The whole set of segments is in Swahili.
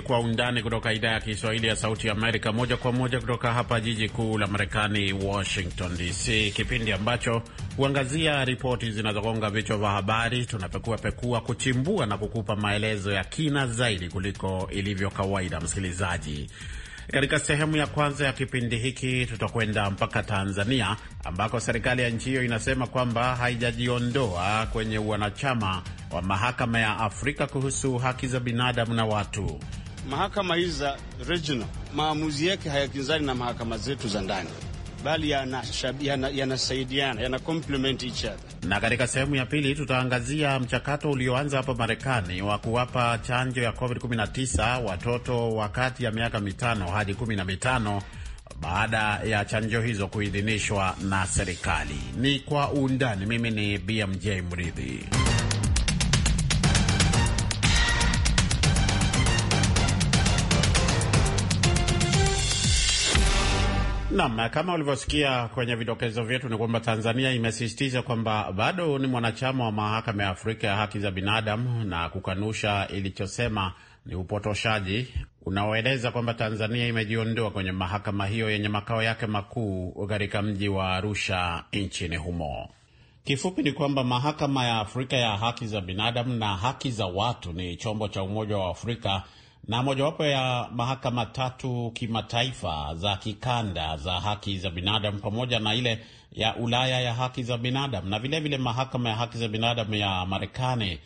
ni Kwa Undani kutoka idhaa ya Kiswahili ya Sauti ya Amerika, moja kwa moja kutoka hapa jiji kuu la Marekani, Washington DC, kipindi ambacho huangazia ripoti zinazogonga vichwa vya habari. Tunapekuapekua, kuchimbua na kukupa maelezo ya kina zaidi kuliko ilivyo kawaida. Msikilizaji, katika sehemu ya kwanza ya kipindi hiki tutakwenda mpaka Tanzania ambako serikali ya nchi hiyo inasema kwamba haijajiondoa kwenye wanachama wa mahakama ya Afrika kuhusu haki za binadamu na watu mahakama hizi za regional maamuzi yake hayakinzani na mahakama zetu za ndani bali yanasaidiana yana, yana complement each other. Na katika sehemu ya pili tutaangazia mchakato ulioanza hapa Marekani wa kuwapa chanjo ya COVID-19 watoto wa kati ya miaka mitano hadi kumi na mitano baada ya chanjo hizo kuidhinishwa na serikali. Ni kwa undani. Mimi ni BMJ Mridhi. Naam, kama ulivyosikia kwenye vidokezo vyetu ni kwamba Tanzania imesisitiza kwamba bado ni mwanachama wa mahakama ya Afrika ya haki za binadamu na kukanusha ilichosema ni upotoshaji unaoeleza kwamba Tanzania imejiondoa kwenye mahakama hiyo yenye makao yake makuu katika mji wa Arusha nchini humo. Kifupi ni kwamba mahakama ya Afrika ya haki za binadamu na haki za watu ni chombo cha Umoja wa Afrika na mojawapo ya mahakama tatu kimataifa za kikanda za haki za binadamu pamoja na ile ya Ulaya ya haki za binadamu na vilevile vile mahakama ya haki za binadamu ya Marekani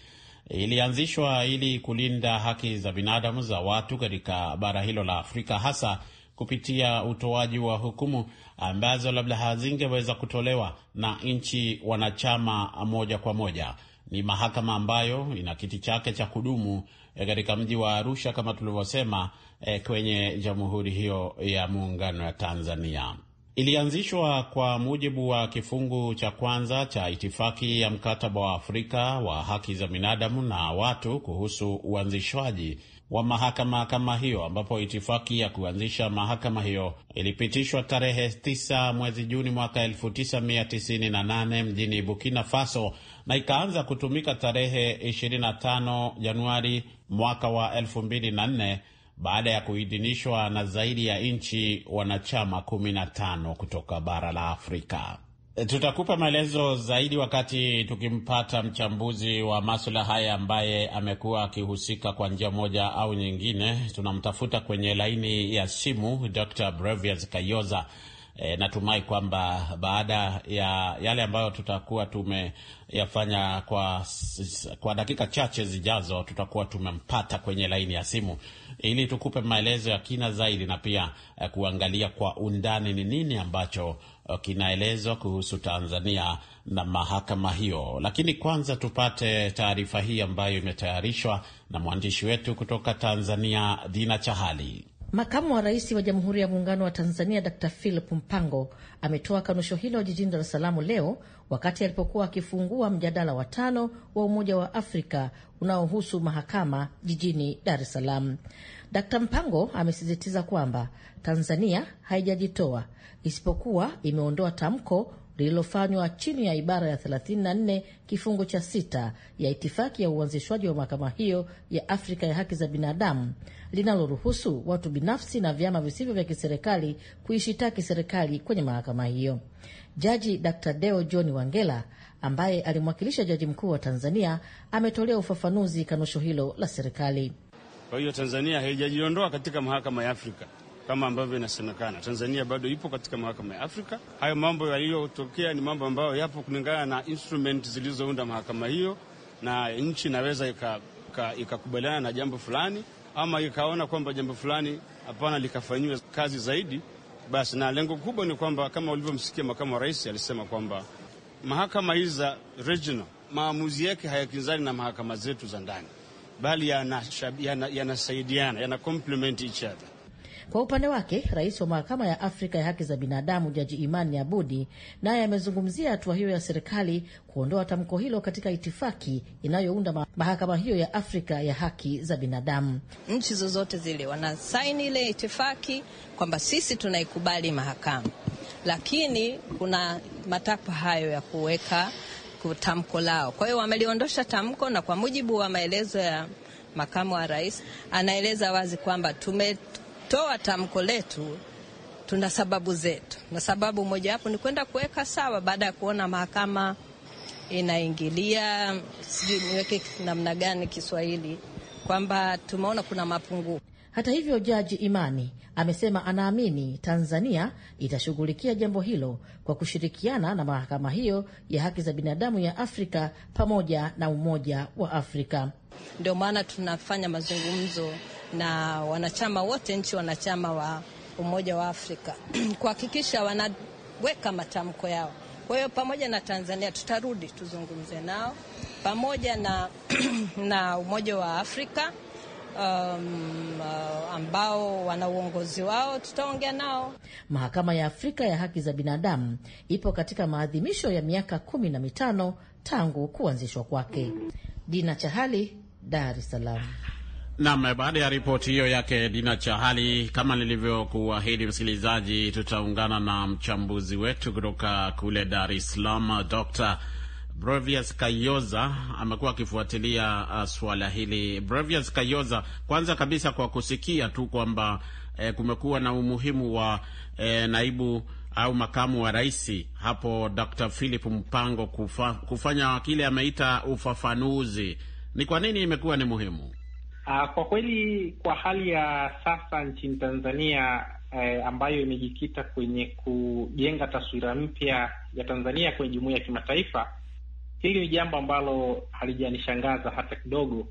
ilianzishwa ili kulinda haki za binadamu za watu katika bara hilo la Afrika hasa kupitia utoaji wa hukumu ambazo labda hazingeweza kutolewa na nchi wanachama moja kwa moja. Ni mahakama ambayo ina kiti chake cha kudumu Eh, katika mji wa Arusha kama tulivyosema, e, kwenye jamhuri hiyo ya muungano ya Tanzania. Ilianzishwa kwa mujibu wa kifungu cha kwanza cha itifaki ya mkataba wa Afrika wa haki za binadamu na watu kuhusu uanzishwaji wa mahakama kama hiyo, ambapo itifaki ya kuanzisha mahakama hiyo ilipitishwa tarehe 9 mwezi Juni mwaka 1998 mjini Burkina Faso na ikaanza kutumika tarehe 25 Januari mwaka wa 2004 baada ya kuidhinishwa na zaidi ya nchi wanachama 15 kutoka bara la Afrika. E, tutakupa maelezo zaidi wakati tukimpata mchambuzi wa maswala haya ambaye amekuwa akihusika kwa njia moja au nyingine. Tunamtafuta kwenye laini ya simu Dr Brevias Kayoza E, natumai kwamba baada ya yale ambayo tutakuwa tumeyafanya kwa, kwa dakika chache zijazo tutakuwa tumempata kwenye laini ya simu ili tukupe maelezo ya kina zaidi na pia eh, kuangalia kwa undani ni nini ambacho eh, kinaelezwa kuhusu Tanzania na mahakama hiyo. Lakini kwanza tupate taarifa hii ambayo imetayarishwa na mwandishi wetu kutoka Tanzania Dina Chahali. Makamu wa Rais wa Jamhuri ya Muungano wa Tanzania Dr. Philip Mpango ametoa kanusho hilo jijini Dar es Salaam leo wakati alipokuwa akifungua mjadala wa tano wa Umoja wa Afrika unaohusu mahakama jijini Dar es Salaam. Dkt. Mpango amesisitiza kwamba Tanzania haijajitoa isipokuwa imeondoa tamko lililofanywa chini ya ibara ya 34 kifungu cha sita ya itifaki ya uanzishwaji wa mahakama hiyo ya Afrika ya haki za binadamu linaloruhusu watu binafsi na vyama visivyo vya kiserikali kuishitaki serikali kwenye mahakama hiyo. Jaji Dr. Deo John Wangela ambaye alimwakilisha jaji mkuu wa Tanzania ametolea ufafanuzi kanusho hilo la serikali. Kwa hiyo Tanzania haijajiondoa katika mahakama ya Afrika kama ambavyo inasemekana. Tanzania bado ipo katika mahakama ya Afrika. Hayo mambo yaliyotokea ni mambo ambayo yapo kulingana na instrument zilizounda mahakama hiyo, na nchi inaweza ikakubaliana na jambo fulani ama ikaona kwamba jambo fulani hapana, likafanyiwa kazi zaidi. Basi na lengo kubwa ni kwamba kama ulivyomsikia makamu wa rais alisema kwamba mahakama hizi za regional maamuzi yake hayakinzani na mahakama zetu za ndani, bali yanasaidiana, yana, yana yanakomplement each other. Kwa upande wake, rais wa mahakama ya Afrika ya haki za binadamu Jaji Imani Abudi naye amezungumzia hatua hiyo ya serikali kuondoa tamko hilo katika itifaki inayounda mahakama hiyo ya Afrika ya haki za binadamu. Nchi zozote zile wanasaini ile itifaki kwamba sisi tunaikubali mahakama, lakini kuna matakwa hayo ya kuweka tamko lao. Kwa hiyo wameliondosha tamko, na kwa mujibu wa maelezo ya makamu wa rais, anaeleza wazi kwamba tume tunapotoa tamko letu tuna sababu zetu, na sababu mojawapo ni kwenda kuweka sawa, baada ya kuona mahakama inaingilia, sijui niweke namna gani Kiswahili, kwamba tumeona kuna mapungufu. Hata hivyo, Jaji Imani amesema anaamini Tanzania itashughulikia jambo hilo kwa kushirikiana na mahakama hiyo ya haki za binadamu ya Afrika pamoja na Umoja wa Afrika. Ndio maana tunafanya mazungumzo na wanachama wote, nchi wanachama wa Umoja wa Afrika kuhakikisha wanaweka matamko yao. Kwa hiyo pamoja na Tanzania tutarudi tuzungumze nao pamoja na, na Umoja wa Afrika Um, uh, ambao wana uongozi wao tutaongea nao. Mahakama ya Afrika ya Haki za Binadamu ipo katika maadhimisho ya miaka kumi na mitano tangu kuanzishwa kwake. Dina Chahali, Dar es Salaam. Nam, baada ya ripoti hiyo yake Dina Chahali, kama nilivyokuahidi msikilizaji, tutaungana na mchambuzi wetu kutoka kule Dar es Salaam, Dr Brevius Kayoza amekuwa akifuatilia uh, suala hili. Brevius Kayoza, kwanza kabisa kwa kusikia tu kwamba eh, kumekuwa na umuhimu wa eh, naibu au makamu wa rais hapo Dr Philip Mpango kufa, kufanya kile ameita ufafanuzi, ni kwa nini imekuwa ni muhimu? Ah, kwa kweli kwa hali ya sasa nchini Tanzania eh, ambayo imejikita kwenye kujenga taswira mpya ya Tanzania kwenye jumuiya ya kimataifa, hili ni jambo ambalo halijanishangaza hata kidogo.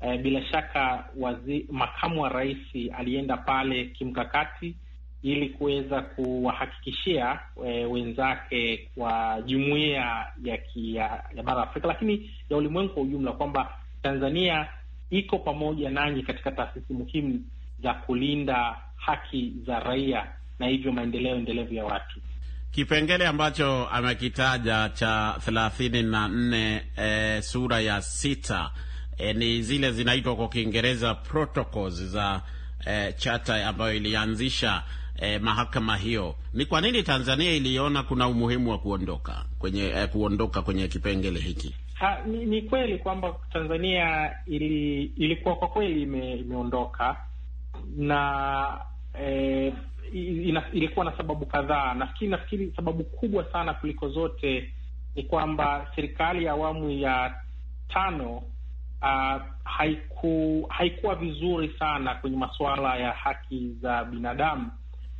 Eh, bila shaka wazi, makamu wa rais alienda pale kimkakati ili kuweza kuwahakikishia e, wenzake wa jumuiya ya, ya, ya bara Afrika, lakini ya ulimwengu kwa ujumla kwamba Tanzania iko pamoja nanyi katika taasisi muhimu za kulinda haki za raia na hivyo maendeleo endelevu ya watu. Kipengele ambacho amekitaja cha thelathini na nne eh, sura ya sita e, ni zile zinaitwa kwa Kiingereza protocols za e, eh, chata ambayo ilianzisha e, mahakama hiyo. Ni kwa nini Tanzania iliona kuna umuhimu wa kuondoka kwenye e, kuondoka kwenye kipengele hiki? Ha, ah, ni, ni kweli kwamba Tanzania ili, ilikuwa kwa kweli ime, imeondoka na eh, ina, ilikuwa na sababu kadhaa. Nafikiri nafikiri sababu kubwa sana kuliko zote ni kwamba serikali ya awamu ya tano uh, haiku, haikuwa vizuri sana kwenye masuala ya haki za binadamu,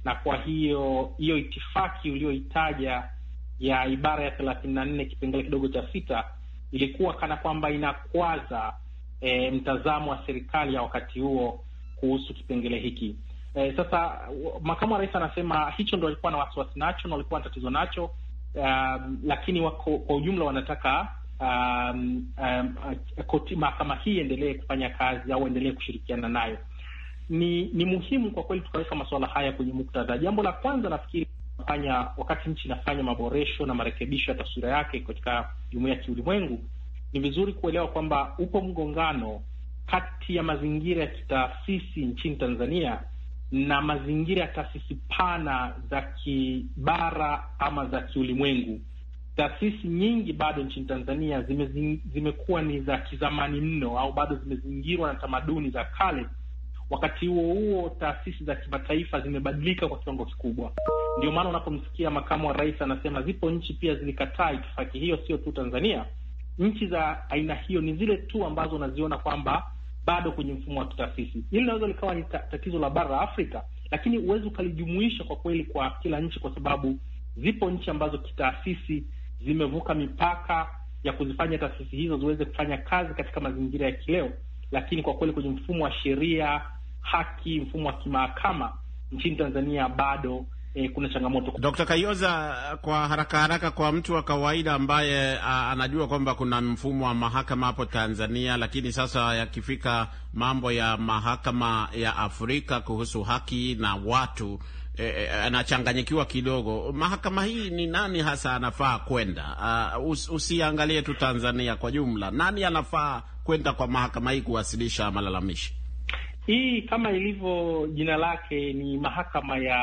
na kwa hiyo hiyo itifaki uliyohitaja ya ibara ya thelathini na nne kipengele kidogo cha sita ilikuwa kana kwamba inakwaza e, mtazamo wa serikali ya wakati huo kuhusu kipengele hiki. E, sasa makamu wa rais anasema hicho ndo walikuwa na wasiwasi nacho na walikuwa na tatizo nacho, um, lakini wako, kwa ujumla wanataka um, um, koti mahakama hii endelee kufanya kazi au endelee kushirikiana nayo. Ni ni muhimu kwa kweli tukaweka masuala haya kwenye muktadha. Jambo la kwanza nafikiri fanya wakati nchi inafanya maboresho na marekebisho ya taswira yake katika jumuia ya kiulimwengu, ni vizuri kuelewa kwamba upo mgongano kati ya mazingira ya kitaasisi nchini Tanzania na mazingira ya taasisi pana za kibara ama za kiulimwengu. Taasisi nyingi bado nchini Tanzania zimekuwa zime ni za kizamani mno, au bado zimezingirwa na tamaduni za kale Wakati huo huo, taasisi za kimataifa zimebadilika kwa kiwango kikubwa. Ndio maana unapomsikia makamu wa rais anasema zipo nchi pia zilikataa itifaki hiyo, sio tu Tanzania. Nchi za aina hiyo ni zile tu ambazo unaziona kwamba bado kwenye mfumo wa kitaasisi. Hili linaweza likawa ni tatizo la bara la Afrika, lakini huwezi ukalijumuisha kwa kweli kwa kila nchi, kwa sababu zipo nchi ambazo kitaasisi zimevuka mipaka ya kuzifanya taasisi hizo ziweze kufanya kazi katika mazingira ya kileo lakini kwa kweli kwenye mfumo wa sheria, haki, mfumo wa kimahakama nchini Tanzania bado eh, kuna changamoto. Dkt. Kayoza, kwa haraka haraka, kwa mtu wa kawaida ambaye a, anajua kwamba kuna mfumo wa mahakama hapo Tanzania, lakini sasa yakifika mambo ya mahakama ya Afrika kuhusu haki na watu e, e anachanganyikiwa kidogo. Mahakama hii ni nani hasa anafaa kwenda? Usiangalie tu Tanzania kwa jumla, nani anafaa kwenda kwa mahakama hii kuwasilisha malalamishi? Hii kama ilivyo jina lake ni mahakama ya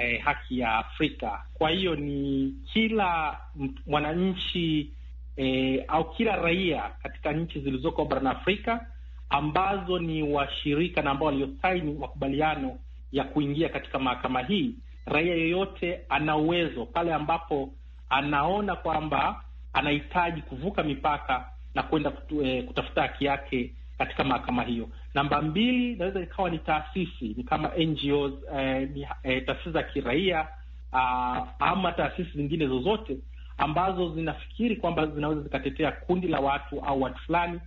eh, haki ya Afrika. Kwa hiyo ni kila mwananchi eh, au kila raia katika nchi zilizoko barani Afrika ambazo ni washirika na ambao waliosaini makubaliano ya kuingia katika mahakama hii. Raia yeyote ana uwezo pale ambapo anaona kwamba anahitaji kuvuka mipaka na kwenda eh, kutafuta haki yake katika mahakama hiyo. Namba mbili, inaweza ikawa ni taasisi, ni kama NGOs, eh, ni eh, taasisi za kiraia ah, ama taasisi zingine zozote ambazo zinafikiri kwamba zinaweza zikatetea kundi la watu au watu fulani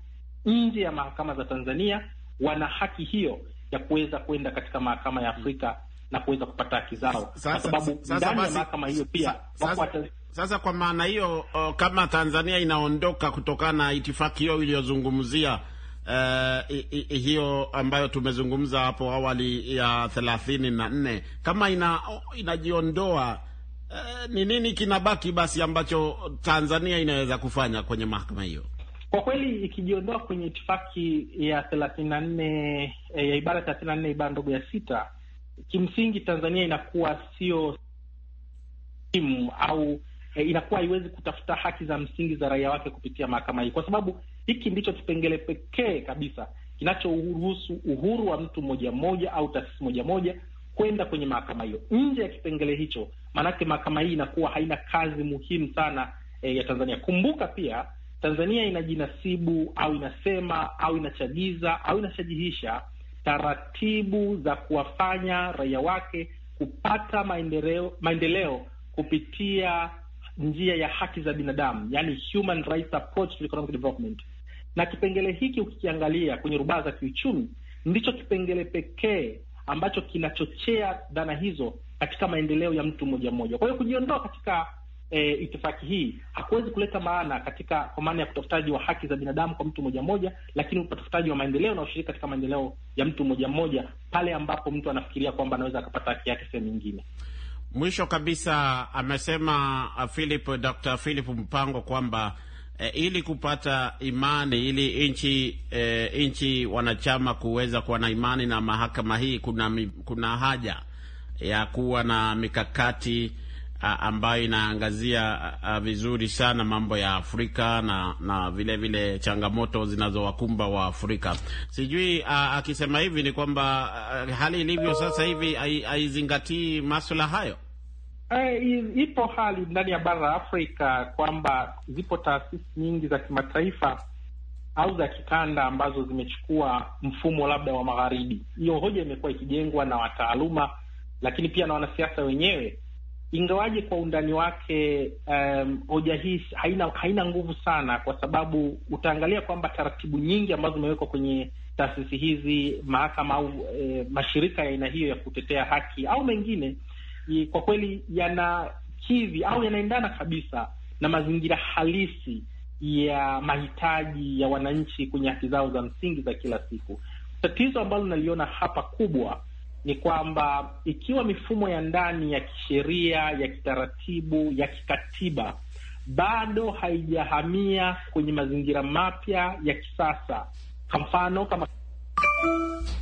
nje ya mahakama za Tanzania, wana haki hiyo ya kuweza kwenda katika mahakama ya Afrika na kuweza kupata haki zao, kwa sababu ndani ya mahakama hiyo pia wako sasa kwa maana hiyo, kama Tanzania inaondoka kutokana na itifaki hiyo iliyozungumzia Uh, hiyo ambayo tumezungumza hapo awali ya thelathini na nne kama ina, oh, inajiondoa eh, ni nini kinabaki basi ambacho Tanzania inaweza kufanya kwenye mahakama hiyo? Kwa kweli ikijiondoa kwenye itifaki ya thelathini na nne eh, ya ibara thelathini na nne ibara ndogo ya sita, kimsingi Tanzania inakuwa sio timu au eh, inakuwa haiwezi kutafuta haki za msingi za raia wake kupitia mahakama hii, kwa sababu hiki ndicho kipengele pekee kabisa kinachoruhusu uhuru wa mtu mmoja mmoja au taasisi moja moja kwenda kwenye mahakama hiyo. Nje ya kipengele hicho, maanake mahakama hii inakuwa haina kazi muhimu sana eh, ya Tanzania. Kumbuka pia Tanzania inajinasibu au inasema au inachagiza au inashajihisha taratibu za kuwafanya raia wake kupata maendeleo, maendeleo kupitia njia ya haki za binadamu, yani human rights approach to economic development. Na kipengele hiki ukikiangalia kwenye rubaa za kiuchumi, ndicho kipengele pekee ambacho kinachochea dhana hizo katika maendeleo ya mtu mmoja mmoja. Kwa hiyo kujiondoa katika e, itifaki hii hakuwezi kuleta maana katika kwa maana ya utafutaji wa haki za binadamu kwa mtu mmoja mmoja, lakini utafutaji wa maendeleo na ushiriki katika maendeleo ya mtu mmoja mmoja pale ambapo mtu anafikiria kwamba anaweza akapata haki yake sehemu nyingine. Mwisho kabisa amesema uh, Philip, uh, Dr. Philip Mpango kwamba e, ili kupata imani ili nchi e, nchi wanachama kuweza kuwa na imani na mahakama hii kuna, kuna haja ya kuwa na mikakati a, ambayo inaangazia a, vizuri sana mambo ya Afrika na na vile vile changamoto zinazowakumba wa Afrika. Sijui akisema hivi ni kwamba hali ilivyo sasa hivi haizingatii maswala hayo. Uh, ipo hali ndani ya bara la Afrika kwamba zipo taasisi nyingi za kimataifa au za kikanda ambazo zimechukua mfumo labda wa magharibi. Hiyo hoja imekuwa ikijengwa na wataaluma, lakini pia na wanasiasa wenyewe, ingawaje kwa undani wake um, hoja hii haina, haina nguvu sana, kwa sababu utaangalia kwamba taratibu nyingi ambazo zimewekwa kwenye taasisi hizi, mahakama au e, mashirika ya aina hiyo ya kutetea haki au mengine kwa kweli yanakidhi au yanaendana kabisa na mazingira halisi ya mahitaji ya wananchi kwenye haki zao za msingi za kila siku. Tatizo ambalo naliona hapa kubwa ni kwamba ikiwa mifumo ya ndani ya kisheria, ya kitaratibu, ya kikatiba bado haijahamia kwenye mazingira mapya ya kisasa, kwa mfano kama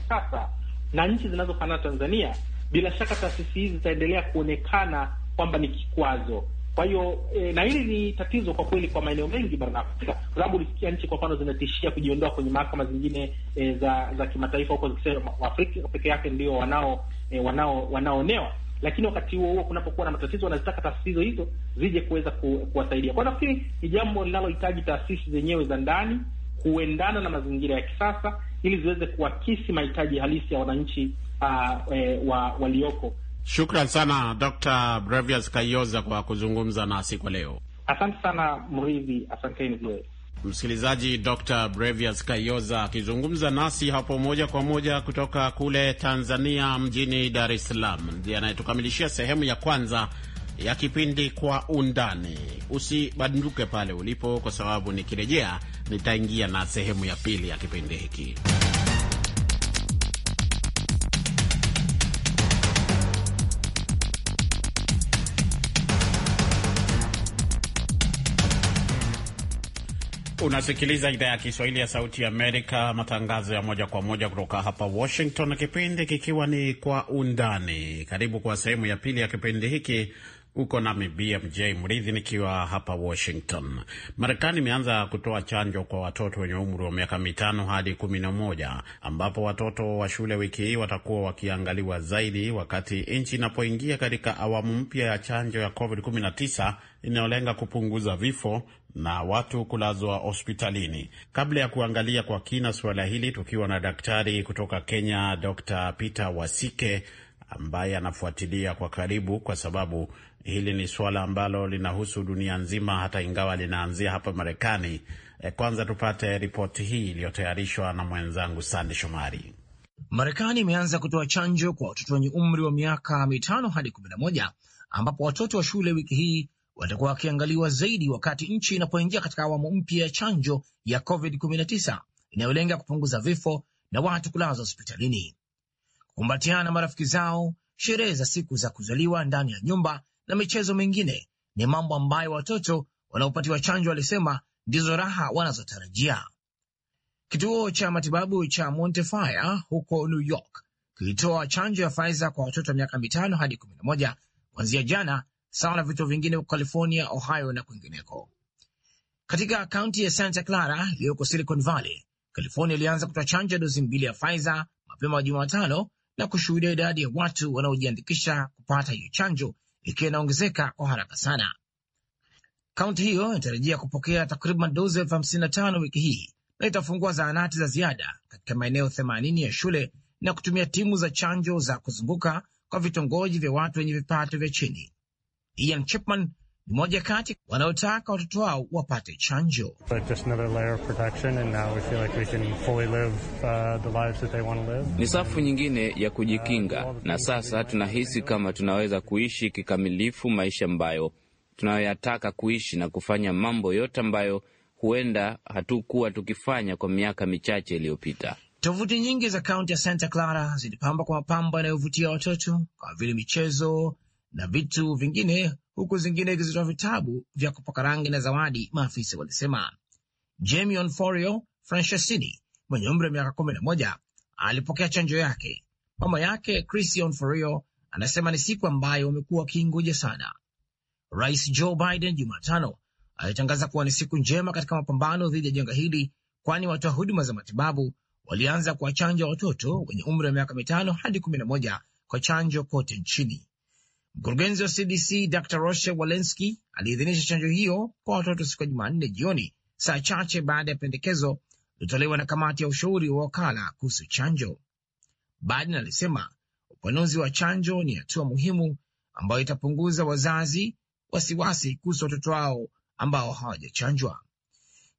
sasa na nchi zinazofanana Tanzania bila shaka taasisi hizi zitaendelea kuonekana kwamba ni kikwazo. Kwa hiyo e, na hili ni tatizo kwa kweli kwa maeneo mengi barani Afrika, kwa sababu ulisikia nchi kwa mfano zinatishia kujiondoa kwenye mahakama zingine e, za za kimataifa huko zikisema peke yake ndio wanao e, wanao wanaonewa, lakini wakati huo huo kunapokuwa na matatizo wanazitaka taasisi hizo zije kuweza ku, kuwasaidia. Kwa nafikiri ni jambo linalohitaji taasisi zenyewe za ndani kuendana na mazingira ya kisasa ili ziweze kuakisi mahitaji halisi ya wananchi uh, eh, wa, walioko. Shukran sana Dr. Brevius Kayoza kwa kuzungumza nasi kwa leo. Asante sana Mridhi, asanteni pia msikilizaji. Dr. Brevius Kayoza akizungumza nasi hapo moja kwa moja kutoka kule Tanzania, mjini Dar es Salaam, ndiye anayetukamilishia sehemu ya kwanza ya kipindi Kwa Undani. Usibanduke pale ulipo, kwa sababu nikirejea nitaingia na sehemu ya pili ya kipindi hiki. Unasikiliza idhaa ya Kiswahili ya Sauti ya Amerika, matangazo ya moja kwa moja kutoka hapa Washington, kipindi kikiwa ni Kwa Undani. Karibu kwa sehemu ya pili ya kipindi hiki huko nami BMJ Mridhi nikiwa hapa Washington. Marekani imeanza kutoa chanjo kwa watoto wenye umri wa miaka mitano hadi kumi na moja ambapo watoto wa shule wiki hii watakuwa wakiangaliwa zaidi wakati nchi inapoingia katika awamu mpya ya chanjo ya COVID-19 inayolenga kupunguza vifo na watu kulazwa hospitalini. Kabla ya kuangalia kwa kina suala hili, tukiwa na daktari kutoka Kenya, Dr. Peter Wasike ambaye anafuatilia kwa karibu, kwa sababu hili ni suala ambalo linahusu dunia nzima, hata ingawa linaanzia hapa Marekani. E, kwanza tupate ripoti hii iliyotayarishwa na mwenzangu Sande Shomari. Marekani imeanza kutoa chanjo kwa watoto wenye umri wa miaka mitano hadi kumi na moja ambapo watoto wa shule wiki hii watakuwa wakiangaliwa zaidi wakati nchi inapoingia katika awamu mpya ya chanjo ya COVID-19 inayolenga kupunguza vifo na watu kulazwa hospitalini. Kukumbatiana na marafiki zao, sherehe za siku za kuzaliwa ndani ya nyumba na michezo mingine ni mambo ambayo watoto wanaopatiwa chanjo walisema ndizo raha wanazotarajia. Kituo cha matibabu cha Montefiore huko New York kilitoa chanjo ya Pfizer kwa watoto wa miaka mitano hadi kumi na moja kuanzia jana sawa na vituo vingine huko California, Ohio na kwingineko. Katika kaunti ya Santa Clara iliyoko Silicon Valley, California ilianza kutoa chanjo ya dozi mbili ya Pfizer mapema Jumatano na kushuhudia idadi ya watu wanaojiandikisha kupata hiyo chanjo ikiwa inaongezeka kwa haraka sana. Kaunti hiyo inatarajia kupokea takriban dozi elfu hamsini na tano wiki hii na itafungua zahanati za ziada katika maeneo 80 ya shule na kutumia timu za chanjo za kuzunguka kwa vitongoji vya watu wenye vipato vya chini Ian Chipman ni moja kati wanaotaka watoto wao wapate chanjo. Uh, ni safu nyingine ya kujikinga, na sasa tunahisi kama tunaweza kuishi kikamilifu maisha ambayo tunayoyataka kuishi na kufanya mambo yote ambayo huenda hatukuwa tukifanya kwa miaka michache iliyopita. Tovuti nyingi za kaunti ya Santa Clara zilipambwa kwa mapambo yanayovutia watoto kama vile michezo, na vitu vingine, huku zingine ikizitoa vitabu vya kupaka rangi na zawadi, maafisa walisema. Jamion Forio Francesini mwenye umri wa miaka kumi na moja alipokea chanjo yake. Mama yake Christian Forio anasema ni siku ambayo wamekuwa wakiingoja sana. Rais Joe Biden Jumatano alitangaza kuwa ni siku njema katika mapambano dhidi ya janga hili, kwani watoa huduma za matibabu walianza kuwachanja watoto wenye umri wa miaka mitano hadi kumi na moja kwa chanjo kote nchini. Mkurugenzi wa CDC Dr Roche Walensky aliidhinisha chanjo hiyo kwa watoto siku ya Jumanne jioni, saa chache baada ya pendekezo lilotolewa na kamati ya ushauri wa wakala kuhusu chanjo. Biden alisema upanuzi wa chanjo ni hatua muhimu ambayo itapunguza wazazi wasiwasi kuhusu watoto wao ambao hawajachanjwa.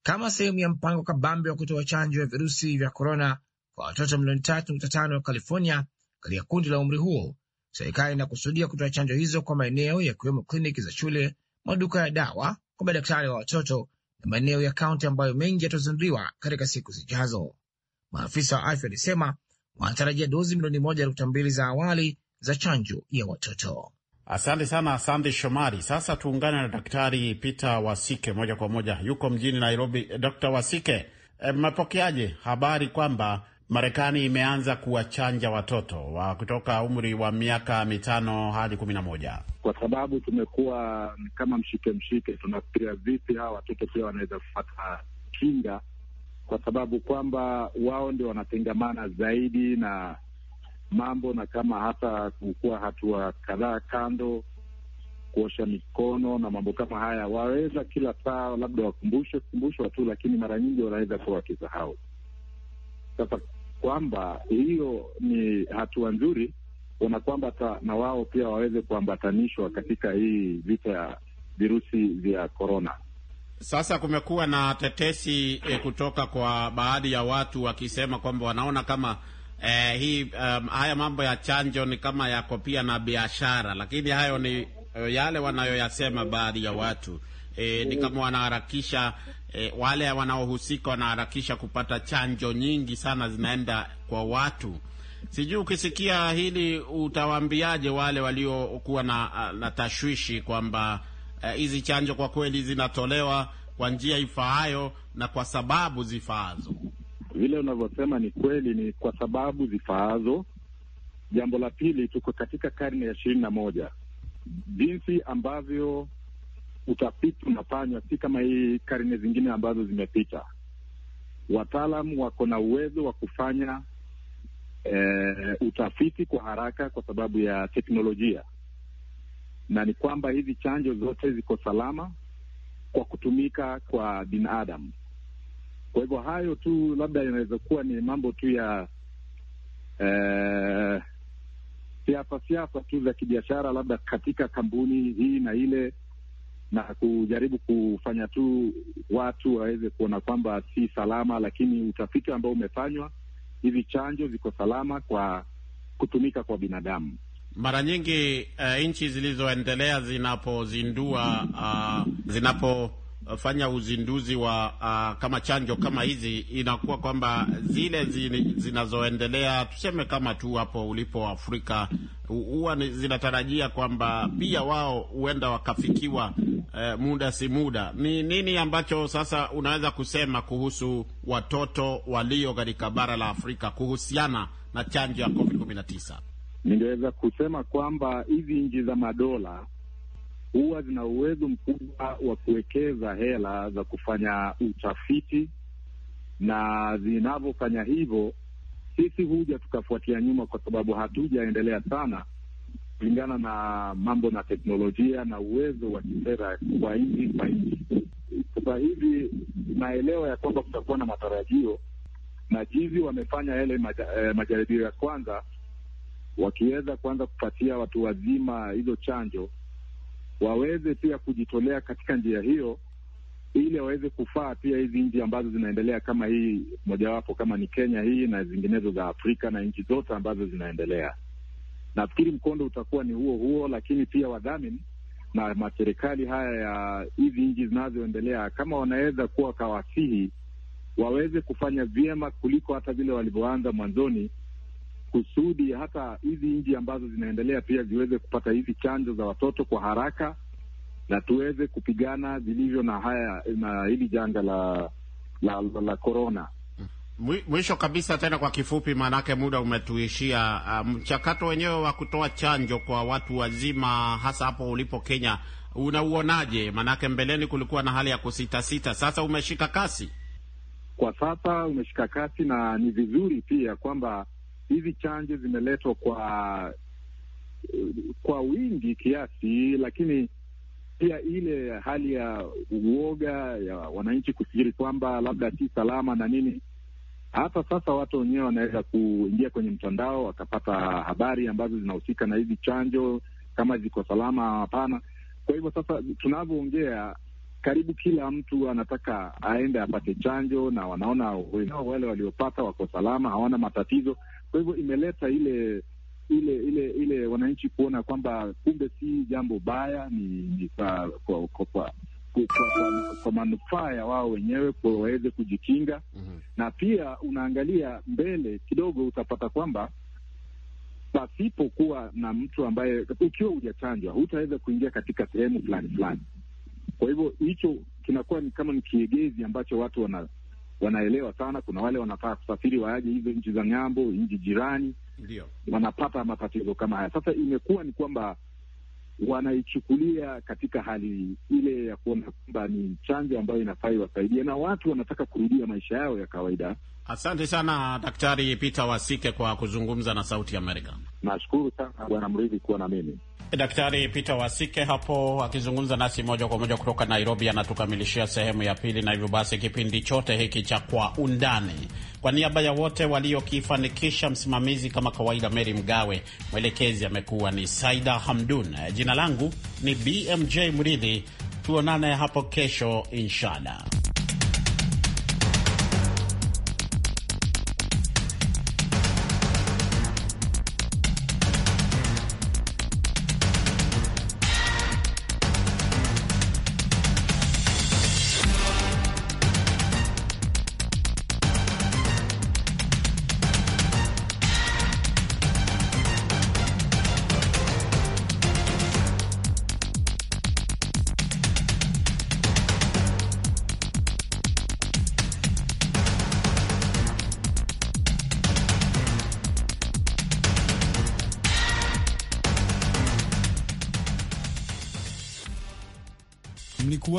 Kama sehemu ya mpango kabambe wa kutoa chanjo ya virusi vya korona kwa watoto milioni 3.5 wa California katika kundi la umri huo Serikali inakusudia kutoa chanjo hizo kwa maeneo yakiwemo kliniki za shule, maduka ya dawa, kwa madaktari wa watoto na maeneo ya kaunti ambayo mengi yatazinduliwa katika siku zijazo. Maafisa wa afya walisema wanatarajia dozi milioni moja nukta mbili za awali za chanjo ya watoto. Asante sana, asante Shomari. Sasa tuungane na Daktari Peter Wasike moja kwa moja, yuko mjini Nairobi. Dkt Wasike, eh, mmepokeaje habari kwamba Marekani imeanza kuwachanja watoto wa kutoka umri wa miaka mitano hadi kumi na moja kwa sababu tumekuwa kama mshike mshike, tunafikiria vipi hawa watoto pia wanaweza kupata kinga, kwa sababu kwamba wao ndio wanatengamana zaidi na mambo, na kama hata kukuwa hatua kadhaa kando, kuosha mikono na mambo kama haya, waweza kila saa labda wakumbushwe kumbushwa tu, lakini mara nyingi wanaweza kuwa wakisahau. Sasa kwamba hiyo ni hatua nzuri, kuna kwamba na wao pia waweze kuambatanishwa katika hii vita ya virusi vya korona. Sasa kumekuwa na tetesi eh, kutoka kwa baadhi ya watu wakisema kwamba wanaona kama eh, hii um, haya mambo ya chanjo ni kama yako pia na biashara, lakini hayo ni eh, yale wanayoyasema baadhi ya watu eh, ni kama wanaharakisha e, wale wanaohusika wanaharakisha kupata chanjo nyingi sana zinaenda kwa watu. Sijui ukisikia hili utawaambiaje wale waliokuwa na, na tashwishi kwamba e, hizi uh, chanjo kwa kweli zinatolewa kwa njia ifaayo na kwa sababu zifaazo. Vile unavyosema ni kweli, ni kwa sababu zifaazo. Jambo la pili, tuko katika karne ya ishirini na moja. Jinsi ambavyo utafiti unafanywa, si kama hii karne zingine ambazo zimepita. Wataalam wako na uwezo wa kufanya e, utafiti kwa haraka kwa sababu ya teknolojia, na ni kwamba hizi chanjo zote ziko salama kwa kutumika kwa binadamu. Kwa hivyo hayo tu labda inaweza kuwa ni mambo tu ya e, siasa siasa tu za kibiashara, labda katika kampuni hii na ile na kujaribu kufanya tu watu waweze kuona kwamba si salama, lakini utafiti ambao umefanywa, hizi chanjo ziko salama kwa kutumika kwa binadamu. Mara nyingi uh, nchi zilizoendelea zinapozindua uh, zinapo fanya uzinduzi wa uh, kama chanjo kama hizi inakuwa kwamba zile zin, zinazoendelea tuseme kama tu hapo ulipo Afrika huwa zinatarajia kwamba pia wao huenda wakafikiwa uh, muda si muda. Ni nini ambacho sasa unaweza kusema kuhusu watoto walio katika bara la Afrika kuhusiana na chanjo ya COVID-19? Ningeweza kusema kwamba hizi nchi za madola huwa zina uwezo mkubwa wa kuwekeza hela za kufanya utafiti, na zinavyofanya hivyo, sisi huja tukafuatia nyuma, kwa sababu hatujaendelea sana kulingana na mambo na teknolojia na uwezo wa kifedha kwa nchi kwa nchi. Sasa hivi naelewa ya kwamba kutakuwa na matarajio na jinsi wamefanya yale eh, majaribio ya kwanza wakiweza kwanza kupatia watu wazima hizo chanjo waweze pia kujitolea katika njia hiyo, ili waweze kufaa pia hizi nchi ambazo zinaendelea kama hii mojawapo, kama ni Kenya hii na zinginezo za Afrika na nchi zote ambazo zinaendelea. Nafikiri mkondo utakuwa ni huo huo, lakini pia wadhamini na maserikali haya ya hizi nchi zinazoendelea, kama wanaweza kuwa kawasihi waweze kufanya vyema kuliko hata vile walivyoanza mwanzoni, kusudi hata hizi nchi ambazo zinaendelea pia ziweze kupata hizi chanjo za watoto kwa haraka na tuweze kupigana vilivyo na haya na hili janga la la la korona. Mwisho kabisa, tena kwa kifupi, maanake muda umetuishia, ah, mchakato um, wenyewe wa kutoa chanjo kwa watu wazima, hasa hapo ulipo Kenya, unauonaje? Maanake mbeleni kulikuwa na hali ya kusitasita, sasa umeshika kasi. Kwa sasa umeshika kasi, na ni vizuri pia kwamba hizi chanjo zimeletwa kwa kwa wingi kiasi, lakini pia ile hali ya uoga ya wananchi kufikiri kwamba labda si salama na nini. Hata sasa watu wenyewe wanaweza kuingia kwenye mtandao wakapata habari ambazo zinahusika na hizi chanjo, kama ziko salama hapana. Kwa hivyo sasa tunavyoongea, karibu kila mtu anataka aende apate chanjo, na wanaona wale waliopata wako salama, hawana matatizo. Kwa hivyo imeleta ile ile ile ile wananchi kuona kwamba kumbe si jambo baya, ni kwa, kwa, kwa, kwa, kwa, kwa manufaa ya wao wenyewe waweze kujikinga. mm -hmm. Na pia unaangalia mbele kidogo, utapata kwamba pasipokuwa na mtu ambaye, ukiwa hujachanjwa, hutaweza kuingia katika sehemu fulani fulani. Kwa hivyo hicho kinakuwa ni kama ni kiegezi ambacho watu wana wanaelewa sana. Kuna wale wanataka kusafiri waaje hizo nchi za ng'ambo, nchi jirani, ndio wanapata matatizo kama haya. Sasa imekuwa ni kwamba wanaichukulia katika hali ile ya kuona kwamba ni chanjo ambayo inafaa iwasaidie, na watu wanataka kurudia maisha yao ya kawaida Asante sana Daktari Peter Wasike kwa kuzungumza na Sauti Amerika. Nashukuru sana Bwana Mridhi kuwa na mimi. Daktari Peter Wasike hapo akizungumza nasi moja kwa moja kutoka Nairobi, anatukamilishia sehemu ya pili, na hivyo basi kipindi chote hiki cha Kwa Undani, kwa niaba ya wote waliokifanikisha, msimamizi kama kawaida Meri Mgawe, mwelekezi amekuwa ni Saida Hamdun, jina langu ni BMJ Mridhi. Tuonane hapo kesho inshallah.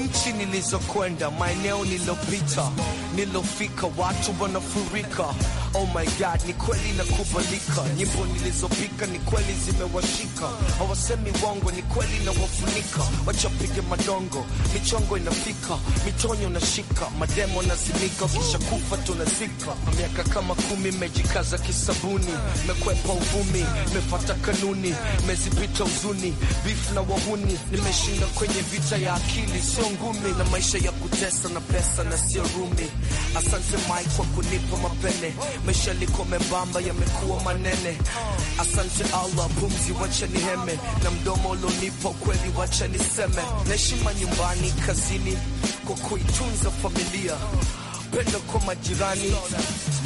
nchi nilizokwenda, maeneo nilopita, nilofika, watu wanafurika. Oh my God, ni kweli na kubalika, nyimbo nilizopika ni kweli zimewashika, hawasemi wongo, ni kweli na wafunika, wachapige madongo, michongo inafika, mitonyo nashika, mademo nazimika, kisha kufa tunazika. Miaka kama kumi mejikaza kisabuni, mekwepa uvumi, mefata kanuni, mezipita uzuni, bifu na wahuni, nimeshinda kwenye vita ya akili, sio ngumi na maisha ya kutesa na pesa na sio rumi. Asante Mike kwa kunipa mapene, maisha liko membamba yamekuwa manene. Asante Allah, pumzi wacha niheme, na mdomo ulionipa kweli wacha niseme. Naheshima nyumbani, kazini, kwa kuitunza familia, pendo kwa majirani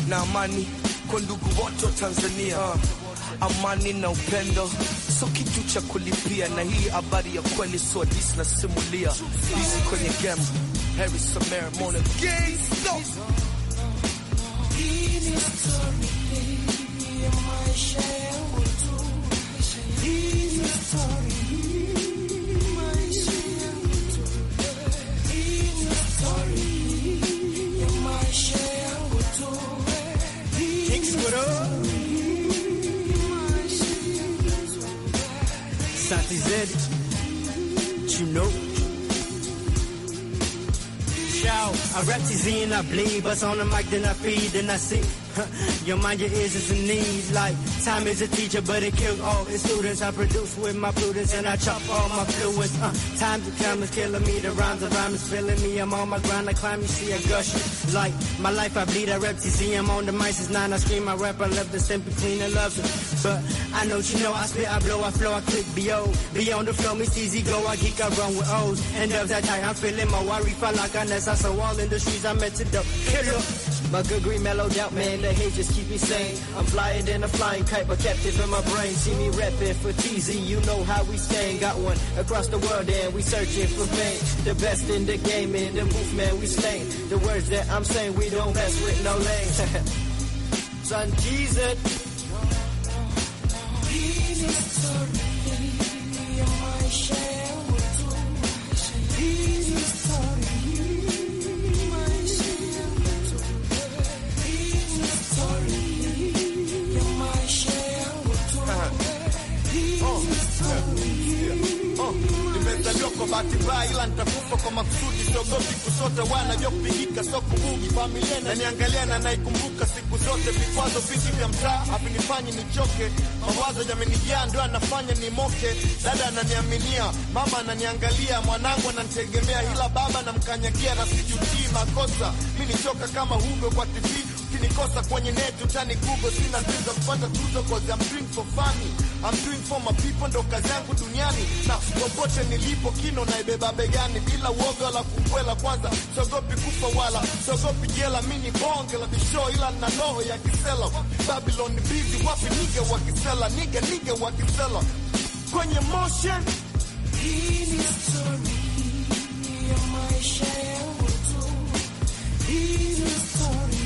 na amani kwa ndugu wote wa Tanzania, amani na upendo so kitu cha kulipia, na hii habari ya kweli, so na simulia hizi kwenye game Harry Samer Mone Gangsta Santi Z, You know. Shout, I rap Z and I bleed, Bust on the mic then I feed then I see. your mind, your ears, is a knees. Like time is a teacher, but it kills all its students. I produce with my prudence and I chop all my fluids. Uh, time to come is killing me. The rhymes, the rhyme is filling me. I'm on my grind, I climb, you see a gush. Like my life, I bleed, I rep to I'm on the mice, since nine. I scream, I rap, I love the simp between the loves. But I know you know, I spit, I blow, I flow, I click BO. Be on the flow, me CZ go, I geek, I run with O's. And dubs that tight, I'm feeling my worry fall like lock, I nest, I saw all in the streets, I meant to the killer. My good green mellowed out, man, the hate just keep me sane. I'm flying than a flying kite, but captive in my brain. See me reppin' for TZ, you know how we stayin'. Got one across the world and we searching for fame. The best in the game, in the movement we slain. The words that I'm saying, we don't mess with no lanes. Son Jesus. Jesus, wanajua kwa bahati mbaya, ila nitakufa kwa makusudi. Siogopi kusota, wanajua kupigika, so kubugi. Familia naniangalia na naikumbuka siku zote. Vikwazo vingi vya mtaa havinifanyi nichoke, mawazo yamenijaa, ndio anafanya nimoke. Dada ananiaminia, mama ananiangalia, mwanangu ananitegemea, ila baba namkanyagia na sijutii makosa. Mi nichoka kama hugo kwa TV Ukinikosa kwenye net utani Google, sina ziza kupata tuzo cause I'm doing for funny. I'm doing for my people, ndo kazi yangu duniani na popote nilipo, kino naibeba begani bila uoga la kukwela. Kwanza sogopi kufa wala sogopi jela, mini bonge la bisho ila na roho ya kisela. Babylon busy wapi nige wa kisela, nige nige wa kisela kwenye motion hii ni story ya maisha yangu tu, hii ni story